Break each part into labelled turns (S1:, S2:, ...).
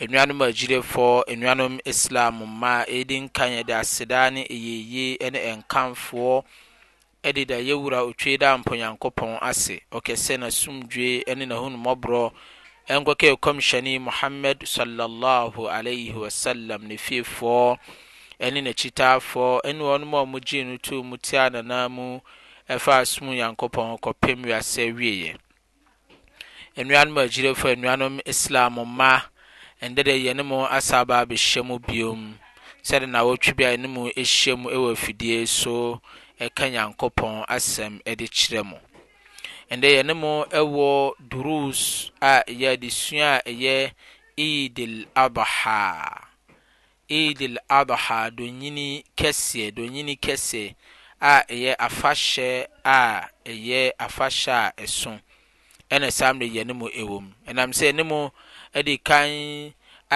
S1: nnuanom agyilefo nnuanom islam mmaa edi nkan yɛde aseda ne eyeye ɛne nkanfoɔ ɛde da yɛwura otwe da mpɔnyankopɔn ase ɔkɛse na sumdwe ɛne n'ahonumɔborɔ ɛnkɔkɛ kɔmhyɛne muhammad sallallahu alayhi wa sallam ne fiefoɔ ɛne n'akyitaafoɔ ɛne wɔn a wɔgyee no too mu tia nana mu ɛfa asom nyankopɔn kɔpem wiase wieɛ nnuanom agyilefo nnuanom islam mmaa ɛndɛ dɛ yɛne mu asa abɛhyɛ mu biom sɛde na wɔtwe bi a yɛne mu ahyia mu wɔ afidie so ɛka nyankopɔn asɛm de kyerɛ mu ɛndɛ yɛne mu wɔ durus a ɛyɛ adesua a ɛyɛ idil abaha idil abaha donyini kɛseɛ donyini kɛseɛ a ɛyɛ afahyɛ a ɛyɛ afahyɛ a ɛso ɛna saa mmerɛ yɛne mu ɛwɔ mu ɛnam sɛ ɛne mu ɛde kan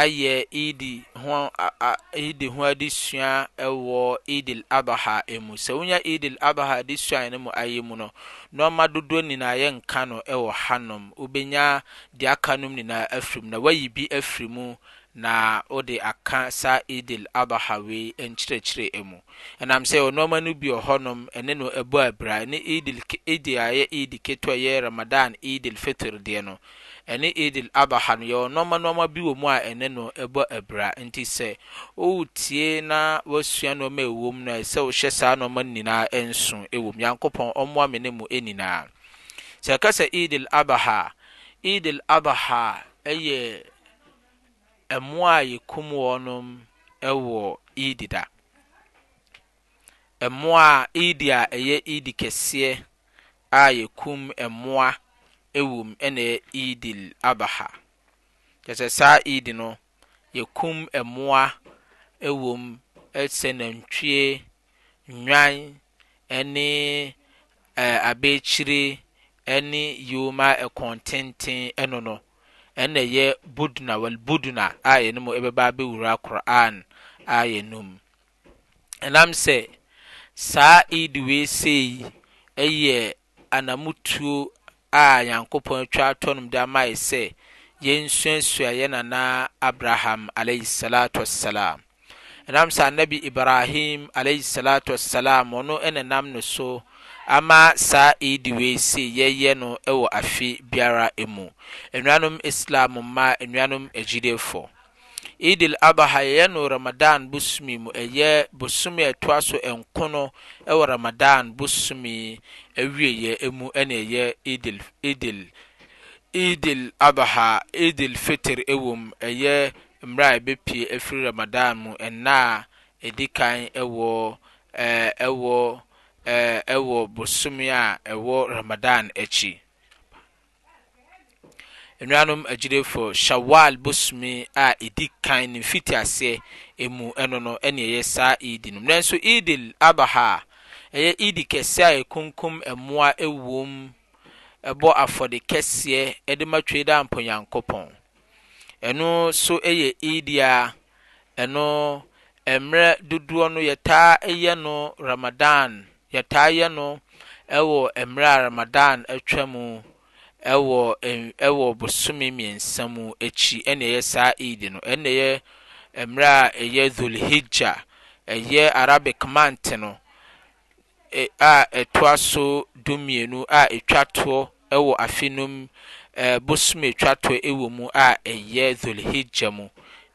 S1: ayɛ idi ho a idi ho adesua ɛwɔ idil abaha mu sɛ wonya idil adha adesua ne mu ayɛ mu no nɔɔma dodoɔ nyinaa yɛnka no ɛwɔ hanom wobɛnya deɛ aka nom nyinaa afiri mu na wayi bi afiri mu na wode aka saa idil abaha wei nkyerɛkyerɛ mu ɛnam sɛ nɔɔma no bi wɔ hɔnom ɛne no ɛbɔ abira ne idil idi a ɛyɛ idi ketewa yɛ ramadan idil fitr deɛ no ɛne idil abaha no yɛwɔ nɔɔma nɔɔma bi wɔ mu a ɛne no ɛbɔ ɛbra nti sɛ wotie na wasua nɔɔma ɛwɔ mu no ɛsɛ wohyɛ saa nɔɔma no nyinaa ɛnso ɛwɔ mu nyankopɔn ɔmmoa me ne mu ɛnyinaa sɛ ɛka sɛ idil abaha idil abaha ɛyɛ ɛmmoa a yɛkum wɔnom ɛwɔ idi da ɛmmoa a a ɛyɛ idi kɛseɛ a yɛkum ɛmmoa ɛwom ɛna idil abaha kyerɛ sɛ saa id no yɛkum mmoa ɛwom ɛsɛ nantwie nnwan ɛne ɛɛ abekyire ɛne yoma ɛkɔn tenten ɛno no ɛna ɛyɛ buduna wɔl buduna a yɛn mu ɛbɛba abɛwura koran a yɛn mu ɛnam sɛ saa id wei sei ɛyɛ anamutuo a nyankopɔn atwa atɔ nom de ama yɛ sɛ yɛnsuasua yɛ nana abraham alayhi salatu wassalam ɛnam sɛ annabi ibrahim alayhi salatu wassalam ɔno ɛnenam no so ama saa eidi wei se yɛyɛ no wɔ afe biara mu nnuanom islam ma nnuanom agyidefo edil abaha yɛyɛ no ramadan bosomii mu ɛyɛ bosomi a ɛtoa so nko no ɛwɔ ramadan bosomi awie mu ɛne ɛyɛ edil abaha edil fitir ɛwom ɛyɛ mmera ɛbɛpie afiri ramadan mu ɛnaa ɛdi kan ɛwɔ bosome a ɛwɔ ramadan akyi nnuanom agyilefo shawal bosome a ɛdi kan ne mfiti aseɛ emu ɛno no ɛne ɛyɛ saa eid no nanso eid abaha ɛyɛ eid kɛseɛ a ɛkunkum mmoa ɛwom ɛbɔ afɔde kɛseɛ ɛde ma twɛ da mpɔnyankopɔn ɛno so ɛyɛ eid a ɛno mmerɛ dodoɔ no yɛtaa ɛyɛ no ramadan yɛtaa yɛ no ɛwɔ mmerɛ a ramadan atwa mu ɛwɔ ɛn ɛwɔ bosome mmiɛnsa mu akyi ɛna ɛyɛ saa eid no ɛna ɛyɛ mmerɛ a ɛyɛ dhulhijja ɛyɛ arabic month no ɛ e, a ɛtoa so du mmienu a ɛtwa toɔ ɛwɔ afe nom ɛɛ bosome ɛtwa toɔ ɛwɔ mu a ɛyɛ dhulhijja mu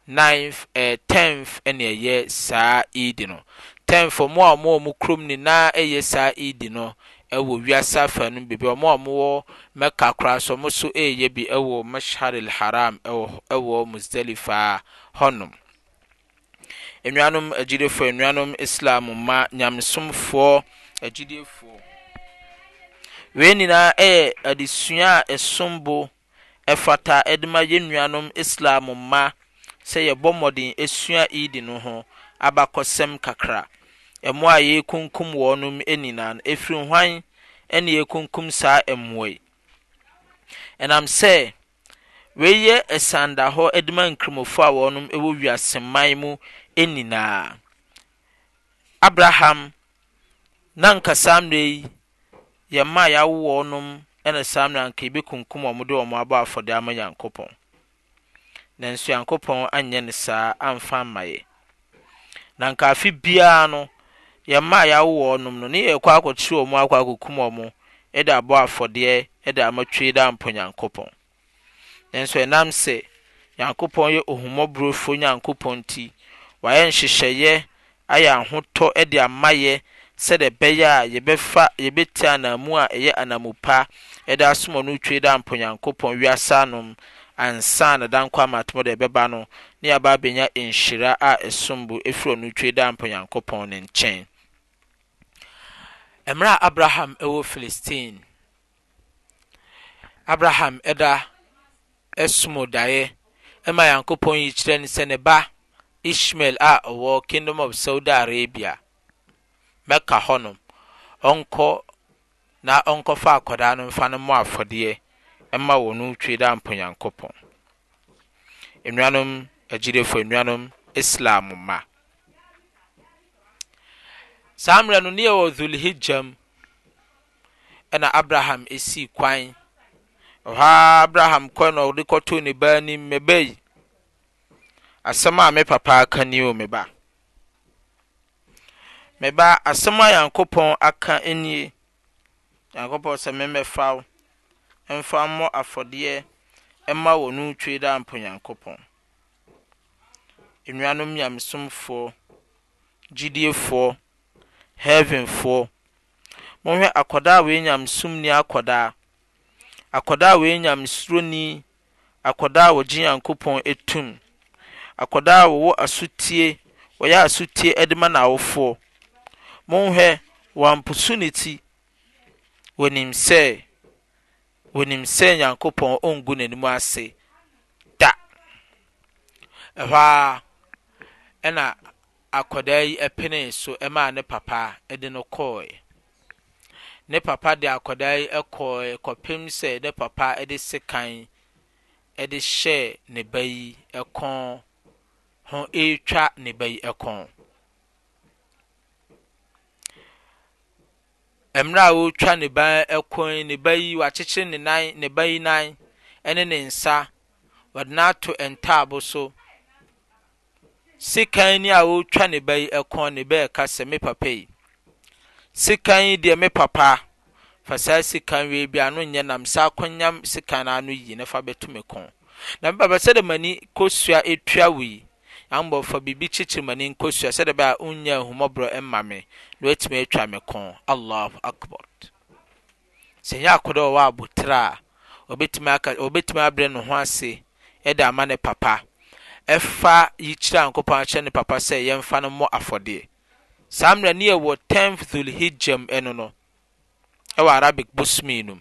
S1: ninth ɛɛ tenth ɛna ɛyɛ saa eid no tenth ɔmo a ɔmo a ɔmo kurom nyinaa ɛyɛ saa eid no ɛwɔ wiase afa no beebi ɔmo a ɔmo wɔ mɛka koraa so ɔmo so ɛɛyɛ bi ɛwɔ mashharil haram ɛwɔ ɛwɔ muzdalifa hɔnom nnuanom agyilefoɔ nnuanom islam ma nyamesomfoɔ agyilefoɔ wei nyinaa ɛyɛ adesua a ɛsombo ɛfata ɛde ma yɛ nnuanom islam ma sɛ yɛbɔ mmɔden esua iidi no ho abakɔsɛm kakra mmoa a yɛrekunkum wɔn nyinaa no ɛfiri hwan na yɛrekunkum saa mmoa yi ɛnam sɛ wɔyɛ ɛsanda hɔ de ma nkramofoɔ a wɔn wɔ wiaseman mu nyinaa abraham na nka saa mmerɛ yi yɛn mma a yɛawo wɔn na saa mmerɛ anka yɛbɛkunkum wɔn de wɔn abɔ afɔdeɛ ama yankopɔn nanso yankopɔn anyɛ no saa amfa ama yɛ na nka biara no yɛn mmaa yɛawo wɔn nom no ne yɛkɔ akɔkyere wɔn akɔ akɔkum wɔn ɛde abɔ afɔdeɛ ɛde amatwe da mpo nyankopɔn nanso ɛnam sɛ nyankopɔn yɛ ohumɔborofo nyankopɔn ti wayɛ nhyehyɛeɛ ayɛ ahotɔ ɛde amayɛ sɛdeɛ ɛbɛyɛ a yɛbɛfa yɛbɛti anamu a ɛyɛ anamu ɛde asoma no twe da mpo wiasa anom ansa na dankɔ amatoma deɛ ɛbɛba no ne yɛaba abɛnya nhyira a ɛsom bo ɛfiri ɔno twe da mpo ne nkyɛn mmerɛ a abraham ɛwɔ philistine abraham ɛda ɛsomo daeɛ ɛma yankopɔn yi kyerɛ no sɛ ne ba ishmael a ɔwɔ kingdom of saudi arabia mɛka hɔnom ɔnkɔ na ɔnkɔfa akɔdaa no mfa no mmɔ afɔdeɛ ɛma wɔn twe da mpo yankopɔn nnuanom agyidefo nnuanom islam ma saa mmerɛ no ne yɛwɔ dhulhijja mu ɛna abraham ɛsii kwan ɔha abraham kwan na ɔde kɔtoo ne baa nim meba yi asɛm a me papa aka ni o meba meba asɛm a nyankopɔn aka nie nyankopɔn sɛ memmɛfa wo mfa mmɔ afɔdeɛ mma wɔ no twe da mpo nyankopɔn nnuanom nyamesomfoɔ gyidiefoɔ heavenfoɔ monhwɛ akwadaa wei nyamesomni akwadaa akwadaa wei nyamesuroni akwadaa wɔgye nyankopɔn etum akwadaa wɔwɔ asutie wɔyɛ asutie de ma n'awofoɔ monhwɛ wɔamposo ne ti wɔnim sɛ wɔnim sɛ nyankopɔn ɔngu n'anim ase da ɛhɔ a ɛna akwadaa yi penee so maa ne papa de no kɔɔeɛ ne papa de akwadaa yi kɔɔeɛ kɔpem sɛ ne papa de sekan de hyɛ ne ba yi kɔn ho retwa ne ba yi kɔn mmerɛ a wɔretwa ne ba kɔn ne ba yi wakyekyere ne nan ne ba yi nan ne ne nsa wɔde no ato ntaabo so sekan ni a wɔretwa ne ba yi kɔn ne ba ɛka sɛ me papa yi sikan yi deɛ me papa fa saa sekan wei bi ano nyɛ nam saa akɔnyam sekan ano yi na fa bɛto me kɔn na me papa sɛdeɛ m'ani kosua etua wo yi ambɔ fa bibi kyekyere m'ani nkosua sɛdeɛ bɛyɛ a onyɛ ahomɔborɔ ɛma me na watumi atwa me kɔn allahu akbar sɛ nyɛ akɔdɔ a ɔwɔ abotire a obetumi aka obetumi abrɛ ne ho ase ɛde ama ne papa ɛfa yi kyerɛ ankopɔn akyerɛ ne papa sɛ yɛmfa no mmɔ afɔdeɛ saa mmerɛ ne yɛwɔ 10th dhulhijjam ɛno no ɛwɔ arabic bosmi no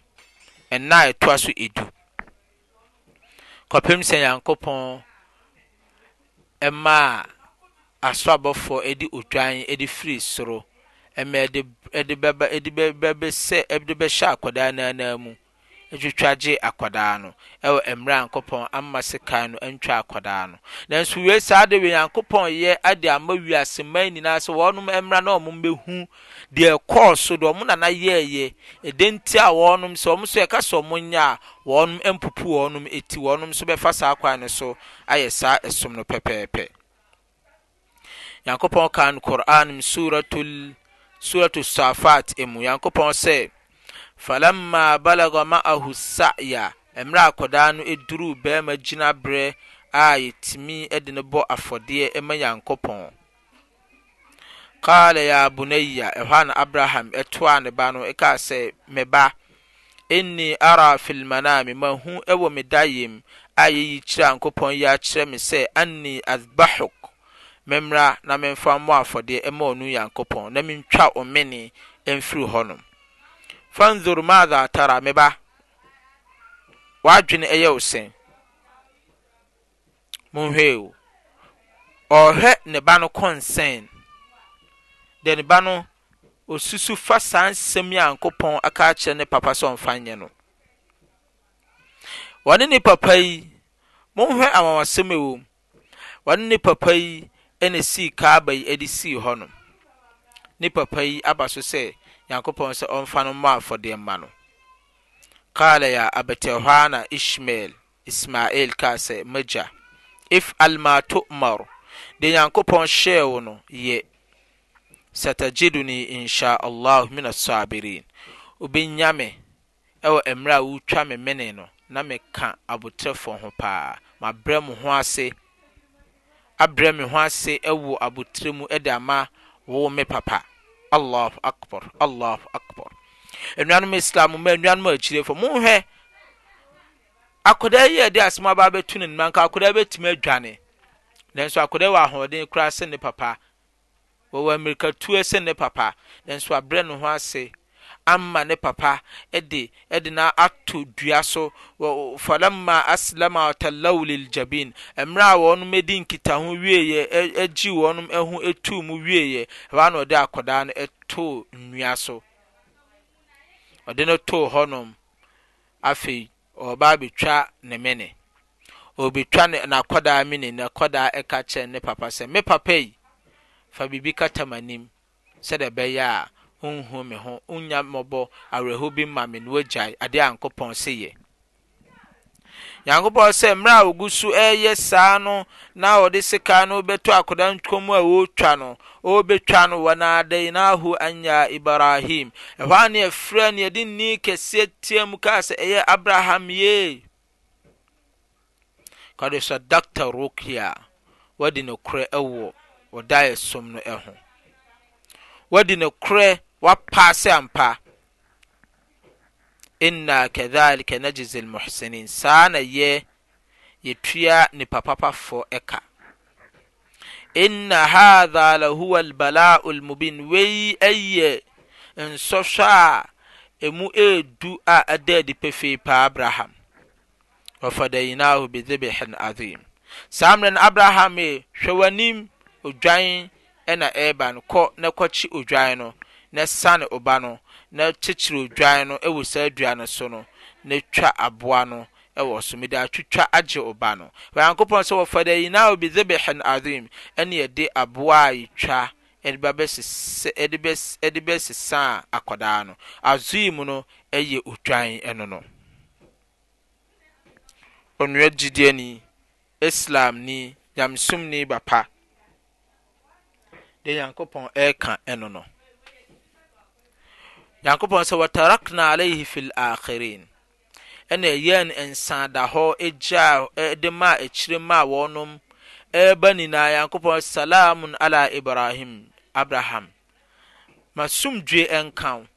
S1: ɛnna a ɛtoa so edu kɔpem sɛ nyankopɔn ɛmaa aso abɔfoɔ ɛde odwan ɛde firi soro ɛmɛ ɛde ɛde bɛba ɛde bɛbɛ sɛ ɛde bɛhyɛ akwadaa naanan mu atwitwagye akwadaa no ɛwɔ mmerɛ nyankopɔn ama sekan no ntwa akwadaa no nanso wei saa de wei nyankopɔn yɛ ade ama wiase man nyinaa sɛ wɔnom mmra na ɔmo mbɛhu deɛ kɔɔ so deɛ ɔmo nana yɛɛyɛ ɛdɛ nti a wɔnom sɛ ɔmo so yɛka sɛ ɔmo nyɛ a wɔnom mpupu wɔnom eti wɔnom nso bɛfa saa kwan no so ayɛ saa ɛsom no pɛpɛɛpɛ nyankopɔn kan koran suratul suratul safat emu nyankopɔn sɛ falamma balaga ma'ahu sa'ya mmerɛ akwadaa no duruu bɛrima gyina berɛ a yɛtumi de no bɔ afɔdeɛ ma nyankopɔn qala ya bunayya ɛhɔ na abraham ɛtoa ne ba no ɛkaa sɛ me ba inni ara fil manami mahu ɛwɔ me dayem a yɛyi kyerɛ ankopɔn yi akyerɛ me sɛ anni azbahuk memmra na memfa mmɔ afɔdeɛ ma ɔno nyankopɔn na mentwa ɔmene ɛmfiri hɔnom fanzor maadha tara me ba w'adwene ɛyɛ wo sɛn monhwɛe o ɔhwɛ ne ba no kɔnsɛn de ne ba no osusu fa saa nsɛm yi a nkopɔn aka akyerɛ ne papa sɛ ɔmfa nyɛ no wɔne ne papa yi monhwɛ amawasɛm ɛwɔ e mu wɔne ne papa yi ɛna sii kaaba yi ɛde sii hɔ no ne papa yi aba so sɛ nyankopɔn sɛ ɔmfa no maafɔ deɛ ma no al ya abtahɔana ishmail ismail ka sɛ maga if almatomar dee nyankopɔn hyɛɛwo no yɛ satagiduni inshaallahu min assabirin obɛnyame ɛwɔ merɛ a wotwa me mene no na meka aboterɛfɔ ho paa abrɛ me ho ase wɔ abotere mu de ama wo me papa allah akbar allah akbar nnuanom islam ma nnuanom akyirefo monhwɛ akwadaa yi yɛde asɛm aba abɛtu ne nmanka akwadaa bɛtumi adwane nanso akwadaa wɔ ahoɔden koraa sɛ ne papa wɔwɔ mmirikatuo sɛ ne papa nanso abrɛ ne ho ase ama ne papa de de na ato dua so falamma aslama talaw liljabin mmerɛ a wɔnom di nkitaho wieɛ agyi wɔnom ho ɛtuu mu wieɛ ɛhɔ na ɔde akɔdaa no ɛtoo nnua so ɔde no too hɔnom afei ɔbaa betwa ne mene obetwa ne n'akɔdaa mene n'akɔdaa ɛka kyɛn ne papa sɛ me papa yi fa biribi kata m'anim sɛdeɛ ɛbɛyɛ a honhom me ho wonya mmɔbɔ bi ma me no wagyae adeɛ a nyankopɔn sɛ yɛ nyankopɔn sɛ a wogu so ɛyɛ saa no na wɔde sika no bɛto akwadaa nkɔm a wɔretwa no ɔrebɛtwa no anya ibrahim ɛhɔ a ne ɛfrɛ ne yɛde nni kɛseɛ mu kaa sɛ ɛyɛ abraham kɔde sɛ dr rokia wɔde ne korɛ ɛwɔ som no ɛho wɔde ne korɛ wapaase ampa inna kadhalika najizi almuhsinin saa na yɛ yɛtua nipa papafoɔ ɛka inna hadha lahuwa albala'u almubin wei ɛyɛ nsɔhwɛ a emu edu a ɛda adi pefee pa abraham wafadayinahu bidhibhin adhim saa mmerɛ no abraham e hwɛ w'anim odwan ɛna ɛreba no kɔ na kɔkye odwan no na san ụba no na kyekyere odwan no wɔ saa dua no so no na twa aboa no ɛwɔ so mede atwitwa agye ɔba no nyankopɔn sɛ wɔfa da yi na obi zebehan adhim ɛne yɛde aboa a yɛtwa ɛde bɛsesa akɔdaa no azim no ɛyɛ odwan ɛno no gyidiɛni islamni nyamesomni de nyankopɔn ɛreka ɛno nyankopɔn sɛ watarakna aleihi fi lakerin ɛnne ɛyɛn nsa ada hɔ ɛgyaa de ma a ɛkyire maa wɔnom ɛba nyinaa nyankopɔn salamun ala ibrahim abraham masomdue ɛnkaw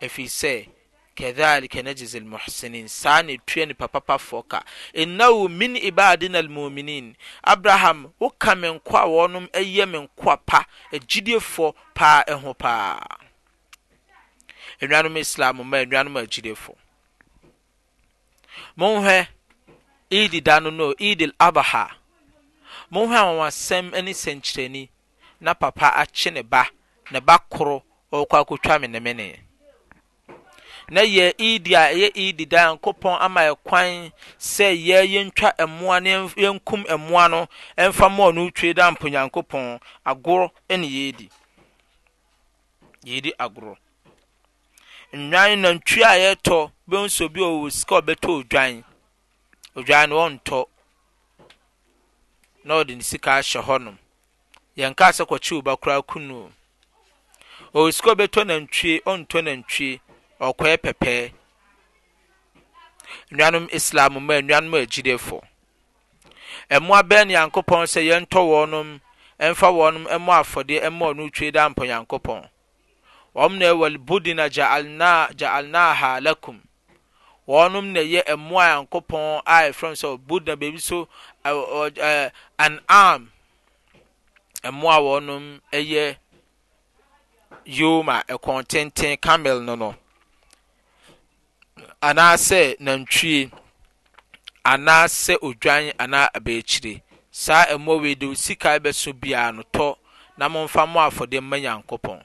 S1: afii sɛ kadhalika nagese lmuhsinine saa ne ɛtua ne papapa foɔ ka inna ho men ibadi na almuminin abraham woka menko a wɔ nom ɛyɛ menko a pa agyidiefoɔ paa ɛho paa nnuanom islam ma nnuanom agyirefo monhwɛ eid da no no eid abaha monhwɛ anwansɛm ne sɛnkyerɛni na papa akye ne ba ne koro me na yɛ a ɛyɛ eid da nkopɔn ama sɛ mmoa na yɛnkum mmoa no ɛmfa mmoa no twe da mponyankopɔn agorɔ ne nnwan na ntwi a yɛtɔ bɛhu sɛ obi ɔwɔ sika ɔbɛtɔ odwan odwan no ɔntɔ na ɔde ne sika ahyɛ hɔnom yɛnka sɛ kɔkye wo koraa kunu ɔwɔ sika ɔbɛtɔ nantwie ɔntɔ nantwie ɔkɔɛ pɛpɛ nnuanom islam mu a nnuanom agyidefo mmoa bɛn ne yankopɔn sɛ yɛntɔ wɔnom ɛmfa wɔnom ɛmmɔ afɔdeɛ ɛmmɔ ɔno twe da mpɔ yankopɔn wɔn na ɛwɔ budina ja'alna ja'alnaha lakum wɔnom na ɛyɛ mmoa yankopɔn a ɛfrɛm sɛ budina baabi so ɛɛ an'am mmoa wɔnom ɛyɛ yoma ɛkɔn tenten camel no no anaasɛ nantwie anaasɛ odwan anaa abɛɛkyire saa mmoa wei de sika bɛso biara no tɔ na momfa mo afɔdeɛ mma nyankopɔn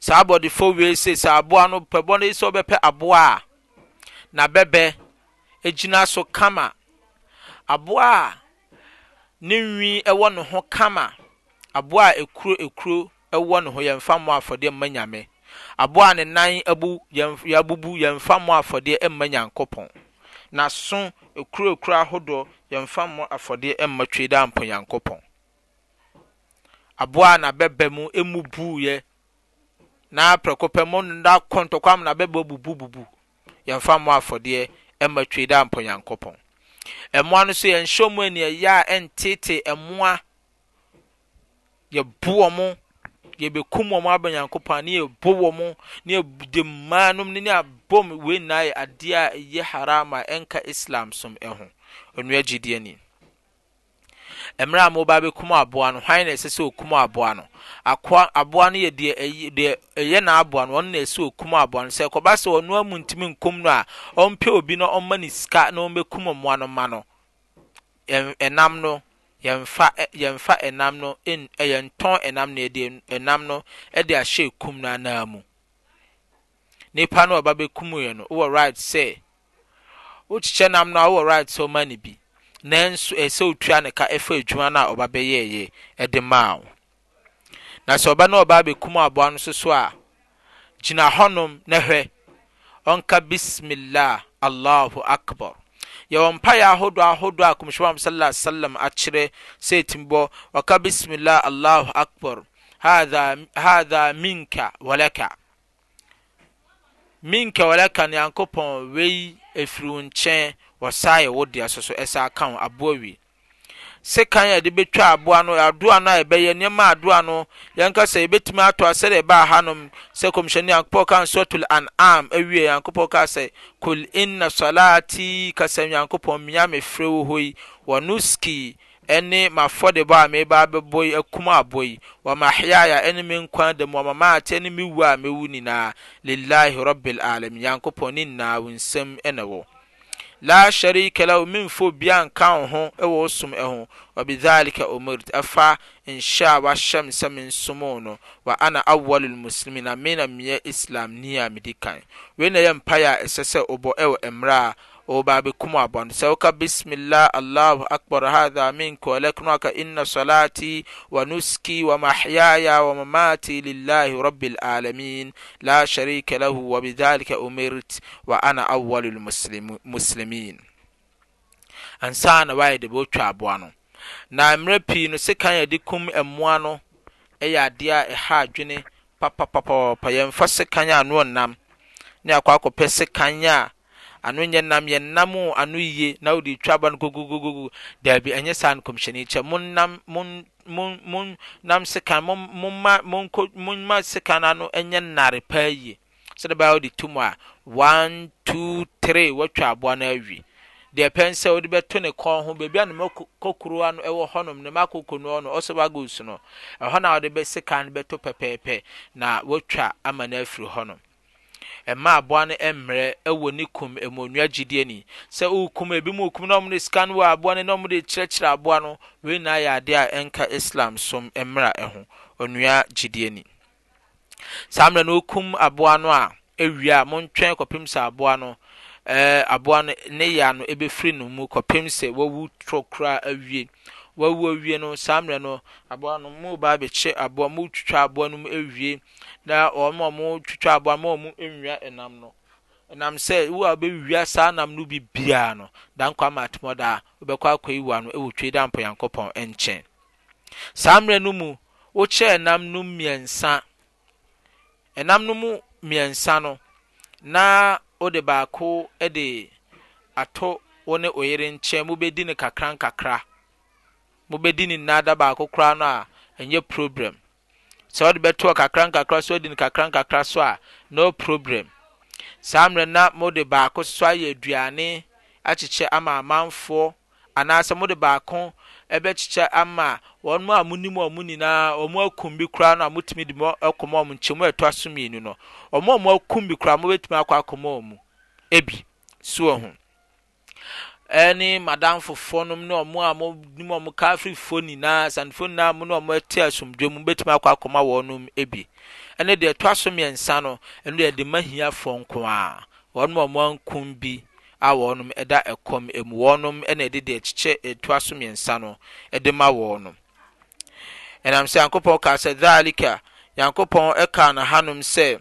S1: saa abɔdefo wee se saa aboa no pɛbɔ no sɛ ɔbɛpɛ aboa a na bɛbɛ egyina so kama aboa a ne nwi ɛwɔ ne ho kama aboa a ekuro ekuro ɛwɔ ne ho yɛmfa mo afɔdeɛ mma nyame aboa a ne nan abu yɛm yɛabubu yɛmfa mo afɔdeɛ mma nyankopɔn na so ekuro ekuro ahodoɔ yɛmfa mo afɔdeɛ mma twe dɛ ampo nyankopɔn aboa a na bɛbɛ mu emu buuyɛ na prɛko pɛ mo nda kɔntɔkwam na bɛbɔ bubu bubu yɛmfa mo afɔdeɛ ɛma twe dɛ ampɔ nyankopɔn ɛmoa no so yɛnhyɛ mu ani ɛyɛ a ɛntete ɛmoa yɛbu wɔ mo yɛbɛkum wɔ mo aba nyankopɔn a ne yɛbo wɔ mo ne yɛde mmaa nom ne ne abom wei nyinaa yɛ adeɛ a ɛyɛ haram a ɛnka islam som ɛho ɔnua gyidie ni mmerɛ a moba bɛkum aboa no hwan na ɛsɛ sɛ ɔkum aboa no akoa aboa no yɛ deɛ deɛ ɛyɛ n'aboa no ɔno na ɛsɛ okum aboa no sɛ kɔba sɛ ɔno amu ntumi nkum no a ɔmpɛ obi na ɔmma ne sika na ɔmmɛkum mmoa no ma no ɛnam no yɛmfa yɛmfa ɛnam no na ɛde ɛnam no ɛde ahyɛ ekum no mu nipa no ɔba bɛkum yɛ no wɔ right sɛ wokyekyɛ nam no a wɔ ɔma ne bi nanso ɛsɛ na sɛ ɔba ne ɔbaa bɛkum aboa no so so a gyina hɔnom na hwɛ ɔnka bismi lah allah akbar yɛwɔmpayɛ ahodo ahodoɔ a komihwim am saala salam akyerɛ sɛ timi bo ɔka bismi lah allh akbar hatha inkwka minka walɛka ne nyankopɔn wei ɛfiriw nkyɛn wɔ sa yɛ wo deɛ soso ɛsa kawo aboa wi sekan yɛde bɛtwa aboa no adoa no a yɛbɛyɛ nneɛma adoa no yɛnkasa yɛbɛtumi ato a sɛdeɛ ɛbaa hanom sɛ kɔmhyɛne nyankopɔn ka nsɔtol an'am awie nyankopɔn ka sɛ in inna salati kasɛ nyankopɔn mia frɛ wo hɔ yi wɔ nuski ɛne mafɔdebɔ a meba bɛbɔ yi akum e abɔ yi mahyaya ɛne me nkwa da mu ɔmamaate ne me wu a mewu nyinaa lillahi rabbil alamin nyankopɔn ne nnaa wo nsɛm ɛna wɔ la harika laho memfo biaa nka wo ho wɔwɔ som ho wɔ bidhalika omart ɛfa nhyɛ a wɔahyɛm sɛ me nsomo no wɔ ana awal lmuslimin a me na meɛ islamni a medi kan wei na yɛ mpayɛ a ɛsɛ sɛ obɔ ɛwɔ mmerɛa bakmasɛwka bsmlah allah akbar hatha minkknaka inna solati wanusuki wamahyaya wamamati lilahi rablalamin la sharika laho wabithalik umirt waana awal lmuslimin nsaawdtwaonam pii nosekanadkummanyɛ deɛhadwnymska ano nyɛ nam yɛ nnam ano ye na wode twa aboa no koguggugu daabi ɛnyɛ sa nkɔmhyɛne kyɛ namkn moma sekan no nyɛ nnare payi sɛde bɛa wode tm a 123 watwa aboa no awi de ɛpɛn sɛ wode bɛto ne kɔn ho bebi anmkɔkron wɔ hɔnm nmakɔkn ɔnɔsɛ ag s nohɔ n a wɔde ɛsika n bɛto pɛpɛpɛ na woatwa ama no afiri hɔnm ɛma aboa no mmerɛ ɛwɔ ne kum mmonnua gyidie ni sɛ ɔkum ebi mu kum na ɔmo de sika no wɔ aboa no na ɔmo de kyerɛkyerɛ aboa no wei na ayɛ adeɛ a ɛnka islam som mmerɛ ɛho onua gyidie ni saa mmerɛ no ɔkum aboa no a ɛwie a montwɛn kɔpem sɛ aboa no ɛɛ aboa no ne ya no ebɛfiri ne mu kɔpem sɛ wawu trɔ awie wɔawura wie no saa mmerɛ no aboa no mo ba abɛkye aboa mo twitwa aboa no mu awie na wɔn a mo twitwa aboa mo a mo nwia ɛnam no ɛnam sɛ wo a wobɛwia saa nam no bi biara no dankwa ama atemɔ da a wobɛkɔ akɔyi wa no ɛwɔ twe da mpɔ nyankopɔn nkyɛn saa mmerɛ no mu wokyɛ ɛnam no mmiɛnsa ɛnam no mu mmiɛnsa no na wode baako de ato wo ne oyere nkyɛn mobɛdi no kakra nkakra mobɛdi ne nyinaa da baako koraa no a ɛnyɛ problem sɛ wode bɛtoɔ kakra nkakra so odi no kakra nkakra so a no problem saa mmerɛ na mode baako so ayɛ aduane akyekyɛ ama amanfoɔ anaasɛ mode baako ɛbɛkyekyɛ ama wɔn a munim wɔn mu nyinaa wɔn akum bi koraa no a mutumi de kɔmɔ wɔn nkyɛn mu a ɛtɔ so mmienu no wɔn a wɔn akum bi koraa wɔbɛtumi akɔ akɔmɔ wɔn mu ebi soɔ ho. ɛne madamfofoɔ nom ne ɔmo a mo ɔmo kafrifoɔ nyinaa asanfoɔ nyinaa mo ne ɔmo ɛte asomdwe mu betumi akɔ akɔma wɔn nom ebi ɛne deɛ so mmiɛnsa no ɛno deɛ ɛde ma hiafoɔ nko a bi a wɔn ɛda ɛkɔm emu wɔn ɛna ɛde deɛ ɛkyekyɛ ɛtoa so mmiɛnsa no ɛde ma wɔn ɛnam sɛ yankopɔn kaa sɛ yankopɔn ɛkaa na hanom sɛ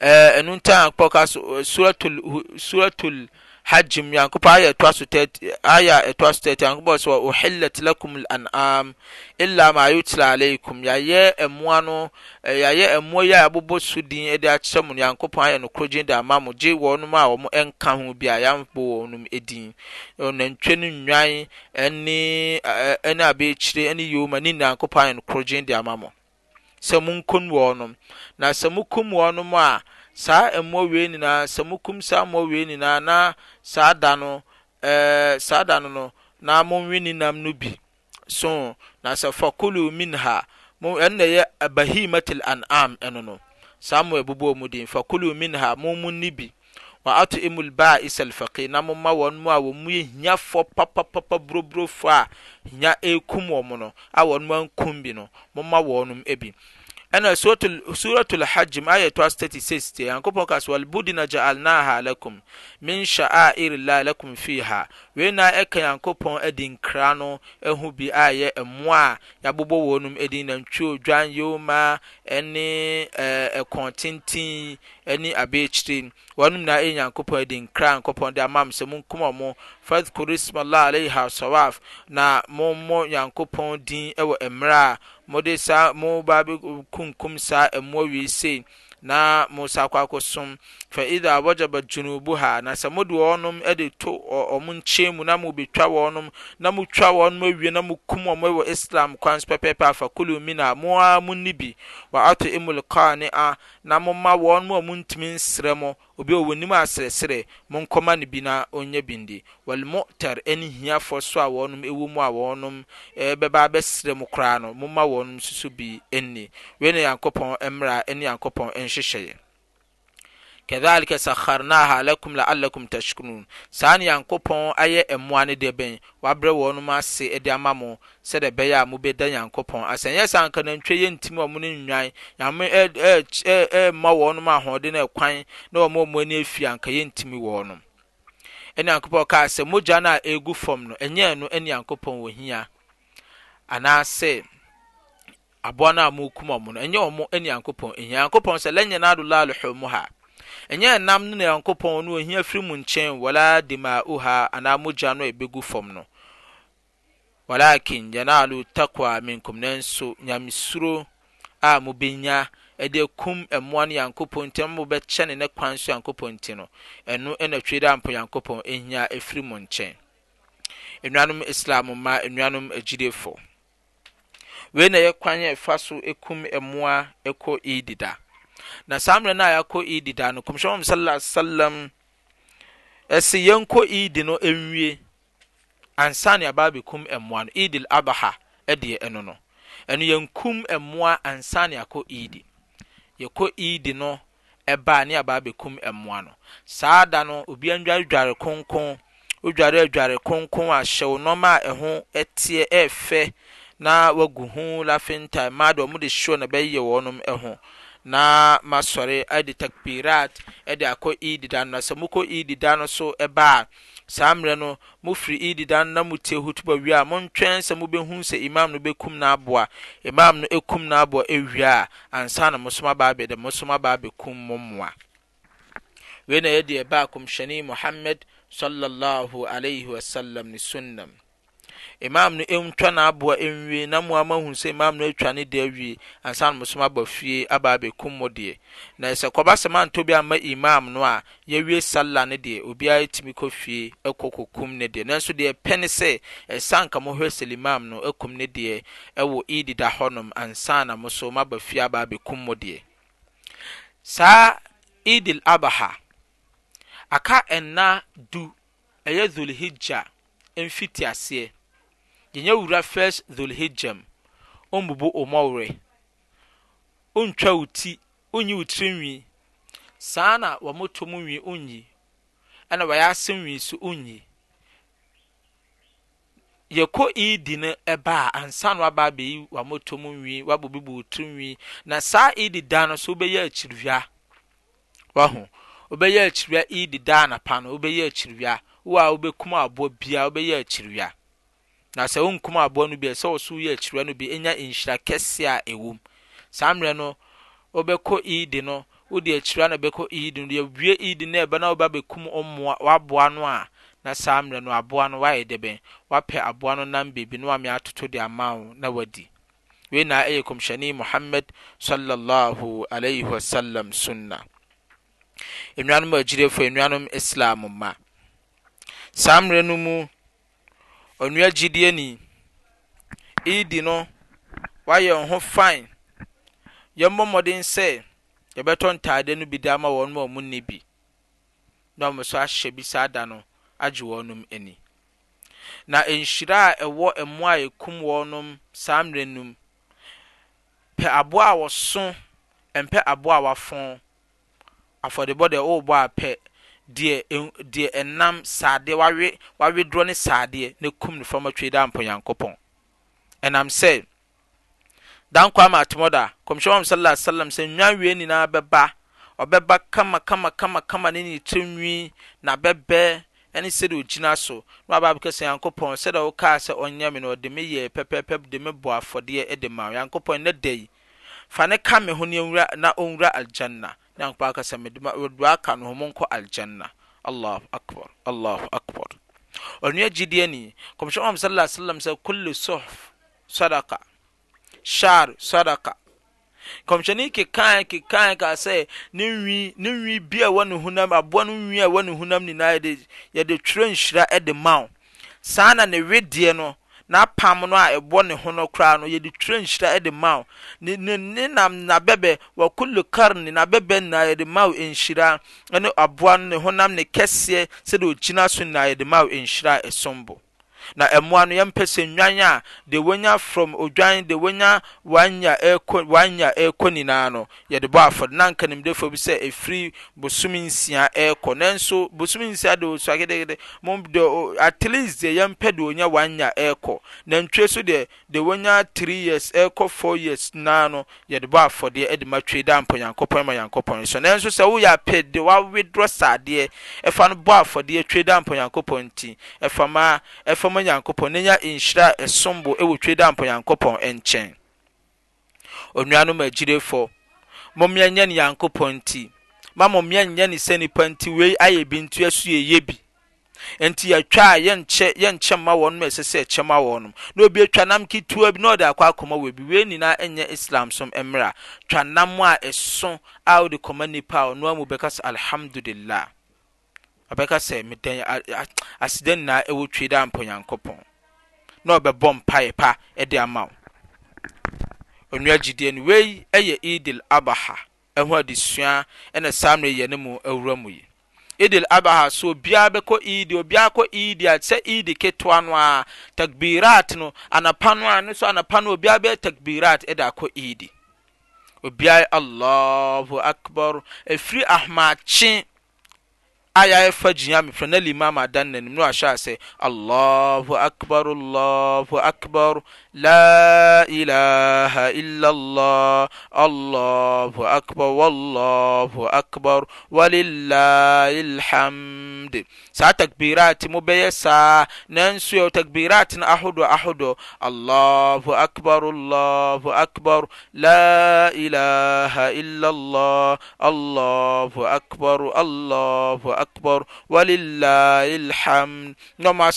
S1: ɛɛ yankopɔn kaa hajj mu yankopɔn ayɛ ɛtoa so tɛti ayɛ ɛtoa so tɛti yankopɔn sɛ wɔ ɔhillat lakum an'am illa ma yutla aleikum yɛayɛ ɛmoa no yɛayɛ ɛmoa yi a yɛabobɔ din ɛde akyerɛ mu yankopɔn ayɛ no korogye de ama mu gye wɔnom a wɔn ɛnka ho bi a yɛambɔ wɔnom edin nantwie ne nnwan ɛne ɛɛ ɛne abirekyire ɛne yoma ne yankopɔn ayɛ no korogye de ama mu sɛ mo wɔ wɔnom na sɛ mo wɔ wɔnom a saa mmoa wei nyinaa sɛ mokum saa mmoa wei nyinaa na saa da no ɛɛ saa da no no na monwe ne nam no bi so na sɛ fakulu minha mo ɛnna yɛ abahimatil an'am ɛno no saa mmoa ɛbobɔ mu din fakulu minha mo mu ni bi wa ato imul baa isal faqi na mo ma wɔn mu a wɔn mu yɛ hiafo papapapa buroburofo a hinya ekum wɔn no a wɔn mu ankum bi no mo ma wɔn mu ebi. ɛna suratu lhajim ayɛ ts36t nyankopɔn kas walbudi na jalnaha lakum min shaairlah lakum fi ha wei na ɛka nyankopɔn adi nkra no hu bi ayɛ mmoa a yɛabobɔ wɔ nom dinnantwuo dwan yooma ɛne eh, ɛkɔntenten ane abekyiri nom naɛyɛ nyankopɔn adi nkra nyankopɔn de amam sɛ monkum mo fithcu rismallah alaiha ssawaf na mommo nyankopɔn din wɔ mmmerɛ a mode samo bab kumkum saa ɛmmoa weisei na mo sa kɔ akosom fa idha wajabat junubo ha na sɛ mode wɔɔnom ɛde to ɔmo nkyɛe mu na mobɛtwa wɔɔ nom na motwa wɔɔnom awie na mukum ɔ mo ɛwɔ islam kwa so pɛpɛpɛ a fa kulumina mo ara mo nni bi wa ato mulkar ne a na momma wɔn mu a muntumi nsrɛ mo obi a wɔnim asrɛsrɛ monkɔma no bi na ɔnyɛ bindi wɔlmɔtar ne hiafoɔ so a wɔnom ɛwɔ mu a wɔnom bɛba bɛsrɛ mo koraa no momma wɔnom nso so bi nni wei ne nyankopɔn mmara ne nyankopɔn nhyehyɛeɛ kadhalika sakharnaha lakum la'allakum tashkurun saa ne yankopɔn ayɛ mmoa no deɛ bɛn wabrɛ wɔnom ase de ama mo sɛdeɛ ɛbɛyɛ a mobɛda nyankopɔn asa ɛnyɛ saa nka nantwa yɛ ntim a mo no nnwan nyame ma wɔnom ahoɔden no ɛkwan na wɔma ɔmo ani afi anka yɛntimi wɔnom ɛne yankopɔn kaa sɛ mogya no a ɛgu fam no ɛnyɛ no ɛne yankopɔn wɔ hia anaasɛ aboa no a mokum ɔmo no ɛnyɛ ɔmo ne yankopɔn ɛhia yankopɔn sɛ lɛnyɛ no adola alhumuha ɛnyɛ nnam no na yankopɔn no ɔhia firi mu nkyɛn w dema oha anaa mogya no a bɛgu fam nonotak a nkm nso nyasur de km mmoa no nyankopɔn ntimamobɛkyɛne nɛ kwan so nyankopɔn nti no ɛno natw da amp nyankopɔn hia firimu nkyɛn nanm isam ma nanm gidfiɛkwa ɛfa so moaɛkɔ dida na saa mmerɛ no a yɛakɔ idi daa no kɔmhyɛn sallallahu alaihi wasallam ɛsi yɛnkɔ idi no nwie ansa ne aba abɛkum mmoa no idi abaha ɛdeɛ ɛno no ɛno yɛnkum mmoa ansa ne akɔ idi yɛkɔ idi no ɛbaa ne aba abɛkum mmoa no saa da no obiara ndwaredware konkon odware adware konkon a hyɛw nneɛma a ɛho ɛteɛ ɛɛfɛ na wagu ho lafe ntae mmaa de wɔn de hyɛ na bɛyɛ wɔn ho na masɔre ɛde takbirat ɛde akɔ ididan na sɛ mokɔ ididan da no so ɛba a saa mmerɛ no mofiri eid da no na motie hutuba wie a montwɛn sɛ mobɛhu sɛ imam no bɛkum no aboa imam no ɛkum no aboa ɛwie a ansa na mosom aba abɛdɛ mosom aba bɛkum mo mmoa wei na yɛde ɛbaa kɔmhyɛne muhammad sallallahu alaihi wasallam ne sunnam imam no ntwa n'aboa nwie na mo ama hu sɛ imam no atwa ne da awie ansa no mosom aba fie aba abɛkum mo deɛ na sɛ kɔba sɛ mantɔ bi ama imam no a yɛwie salla no deɛ obiara tumi kɔ fie kɔ kɔkum ne deɛ nanso deɛ pɛ ne sɛ ɛsa nka mohwɛ sɛ imam no akum ne deɛ ɛwɔ eid da hɔnom ansa na mo so maba fie aba abɛkum mo deɛ saa eid al-abaha aka ɛnna du ɛyɛ dhulhijja mfiti aseɛ yɛnyɛ wura first dhulhijjam ɔmmubu ɔmɔwerɛ ɔntwa wo ti ɔnyi wo tirinwi saa na wɔmoto mu nwi ɔnyi ɛna wɔyɛ ase nwi so ɔnyi yɛkɔ idi no ɛbaa ansa no waba abɛyi wɔmoto mu nwi wabɔ bibu wo na saa idi da no wobɛyɛ wobɛyɛ idi da anapa no wobɛyɛ wo a wobɛkum wobɛyɛ na sɛ wonkum aboa no bisɛ wɔ so woyɛ akyira no bi ɛnya nhyira kɛseɛ a ɛwom saa mmerɛ no wobɛkɔ edi no wode akyira no bɛkɔ ednɛe ednbɛnwob bɛkmaboa no na saa mmerɛ no aboa no wayɛ dɛ bɛn woapɛ aboa no nam biribi na wame atoto de amao na wadi weina ɛyɛ kɔmhyɛne muhamad ssm snanafi onua gyidie ni idi no wayɛ wɔn ho fine bɔ mmɔden sɛ yɛbɛtɔ ntaade no bi de ama wɔn a wɔn nni bi na wɔn nso ahyɛ bi saa da no agye wɔn ani na nhyira a ɛwɔ mmoa a ekum wɔn saa mmerɛ no mu pɛ aboa a wɔso mpɛ aboa a wafɔn afɔdebɔ deɛ ɔrebɔ apɛ deɛ deɛ ɛnam saadeɛ wawe wawe dorɔ ne saadeɛ ne kum ne fam atwere da mpɔnyankopɔn ɛnam sɛ dan kwa ma atomɔ da kɔmhyɛ wɔn sallallahu alaihi wasallam sɛ nwanwie nyinaa bɛba ɔbɛba kama kama kama kama ne ne tiri nwi na bɛbɛ ɛne sɛdeɛ ogyina so na waba abɛka sɛ nyankopɔn sɛdeɛ wokaa sɛ ɔnyɛ me no ɔde me yɛ pɛpɛpɛ de me bɔ afɔdeɛ de ma nyankopɔn ne da yi fa ne ka me ho ne na ɔnwura aljanna nyankopɔn aka sɛ mede aka no ho monkɔ aljanna allah akbar allah akbar ɔnua gyidiɛ ni kɔmhyɛ ɔm sala alaihi sɛ kulle suhf sadaka shar sadaka kɔmhyɛne kekae kekae ka sɛ e ne nwi ne nwi bi a wɔne hunam aboa no nwi a wɔne hunam nyinaa yɛde yɛde twerɛ nhyira de ma wo saa na ne wedeɛ no na apam no a ɛboɔ ne ho no koraa no yɛde twerɛ nhyira de maw nene nam nabɛ bɛ wako lekar ne nabɛbɛ nnayɛde maw nhyiraa ne aboa no ne honam ne kɛseɛ sɛde okyina so nnayɛde maw nhyira a ɛsom bo na mmoa no yɛmpɛ sɛ nnwan a de wonya from odwan de wonya wanya ɛkɔ wanya ɛkɔ nyinaa no yɛde bɔ afɔde na nka nimdefoɔ bi sɛ ɛfiri bosom nsia ɛkɔ nanso bosom nsia de osu akedekede mo de at least deɛ yɛmpɛ de wonya wanya ɛkɔ na ntwe so deɛ de wonya three years ɛkɔ four years naa no yɛde bɔ afɔdeɛ ɛde ma twe da mpɔ nyankopɔn ma nyankopɔn nso nanso sɛ woyɛ apɛ de wawedrɔ saadeɛ ɛfa no bɔ afɔdeɛ twe da mpɔ nyankopɔn nti ɛfama ɛfama ɔma nyankopɔn n'anya nhyira ɛsombo ɛwɔ twe da mpɔ nyankopɔn nkyɛn onuanom agyirefo mɔmmea nyɛ ne nyankopɔn nti ma mɔmmea nyɛ ne sɛ nipa nti wei ayɛ bi ntu ɛso yɛyɛ bi nti yɛtwa a yɛnkyɛ yɛnkyɛ mma wɔn ɛsɛ sɛ ɛkyɛ ma wɔn na obi atwa nam ketewa bi na ɔde akɔ akɔma wɔ bi wei nyinaa nyɛ islam som mmerɛ twa nam a ɛso a wɔde kɔma nipa a ɔno amu bɛka sɛ alhamdulillah ɔbɛka sɛ medan aseda nyinaa ɛwɔ twe nyankopɔn na ɔbɛbɔ mpaeɛ pa ɛde ama wo onua gyidie no wei ɛyɛ idil abaha ɛho adesua ɛna samre yɛ ne mu awura mu yi idil abaha so obiara bɛkɔ idi obiara kɔ idi a sɛ idi ketewa no a takbirat no anapa no a ne so anapa no obiara takbirat ɛde akɔ idi obiara allahu aya efa jinya mi na mama dan n'anim na wahyɛ a sɛ allahu akbar allahu akbar لا إله إلا الله الله أكبر والله أكبر ولله الحمد سا تكبيرات مبيسا ننسي تكبيرات أحد أحد الله أكبر الله أكبر لا إله إلا الله الله أكبر الله أكبر ولله الحمد نما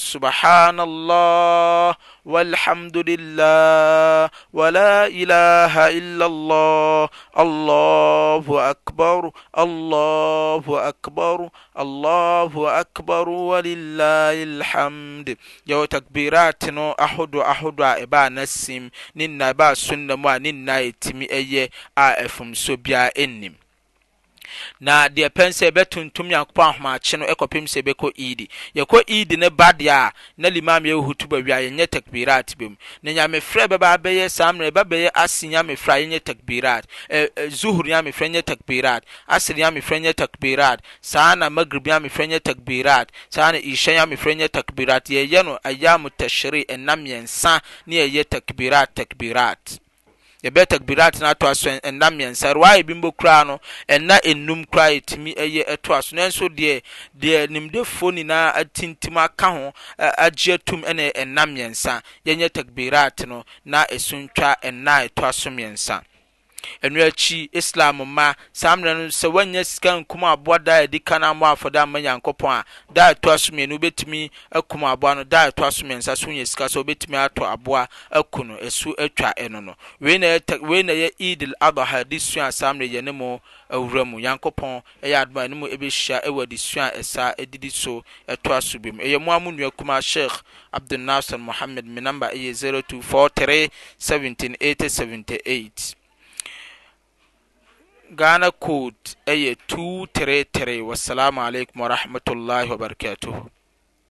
S1: سبحان الله walhamdu llah wala ilha ilallh allh akbar allh akbar allh akbar walilahi lhamd yɛwɔ takbiraate no ahodo ahodoɔ a ɛba na sim ne nna ɛba sunna mu a ne nna yɛtumi ɛyɛ a ɛfumsobia nnim na deɛ pɛn sɛ bɛtontom nyankopɔ ahomkye no kpm sɛ bɛkɔ edi yɛkɔ edi ne badeɛ a na imam yɛhtbawi yɛyɛ takbirat bmu e nyamefrɛ bbaby saa mɛbyɛ ase yamefrɛ a yyɛ tabirat zuhur yamefr nyɛ takbirat asr yamefr nyɛ takbirat saa na magrib nyamefr nyɛ takbirat saa na isia namefryɛ takbirat yyɛ no ayam tashri naɛnsne yyɛ takbirat takbirat yɛbɛ takbirat no ato aso ɛnna mmiɛnsa riwaya bi mbɔ koraa no ɛnna enum koraa yɛtumi ɛyɛ eh, ɛto eh, aso nanso deɛ deɛ nimdefoɔ nyinaa atintim aka ho agye atum ɛna ɛnna mmiɛnsa yɛnyɛ takbirat no na esu ntwa ɛnna ɛto aso mmiɛnsa anuaakyi islam ma sa menɛ no sɛ wanya sika nkm aboa daa di kanma afde amma nyankopɔn a da ɛto asomeni wbɛtumi akum aboa no da ɛtoasomɛnsa so wnya sika s wobɛtumi atɔ aboa aku no asu atwa ɛno no wei na yɛ eidl'adaha de sua a samerɛ yɛne mu awura mu nyankopɔn yɛ adoma aɛno m bɛhyia ɛw desua a ɛsa didi so ɛto aso bi mu ɛyɛma mnnua kuma shiikh abdunaser mohamed me namba ɛyɛ 0243 17878 ghana code ɛyɛ 233 wassalamu alaikum warahmatullahi wabarakatuhu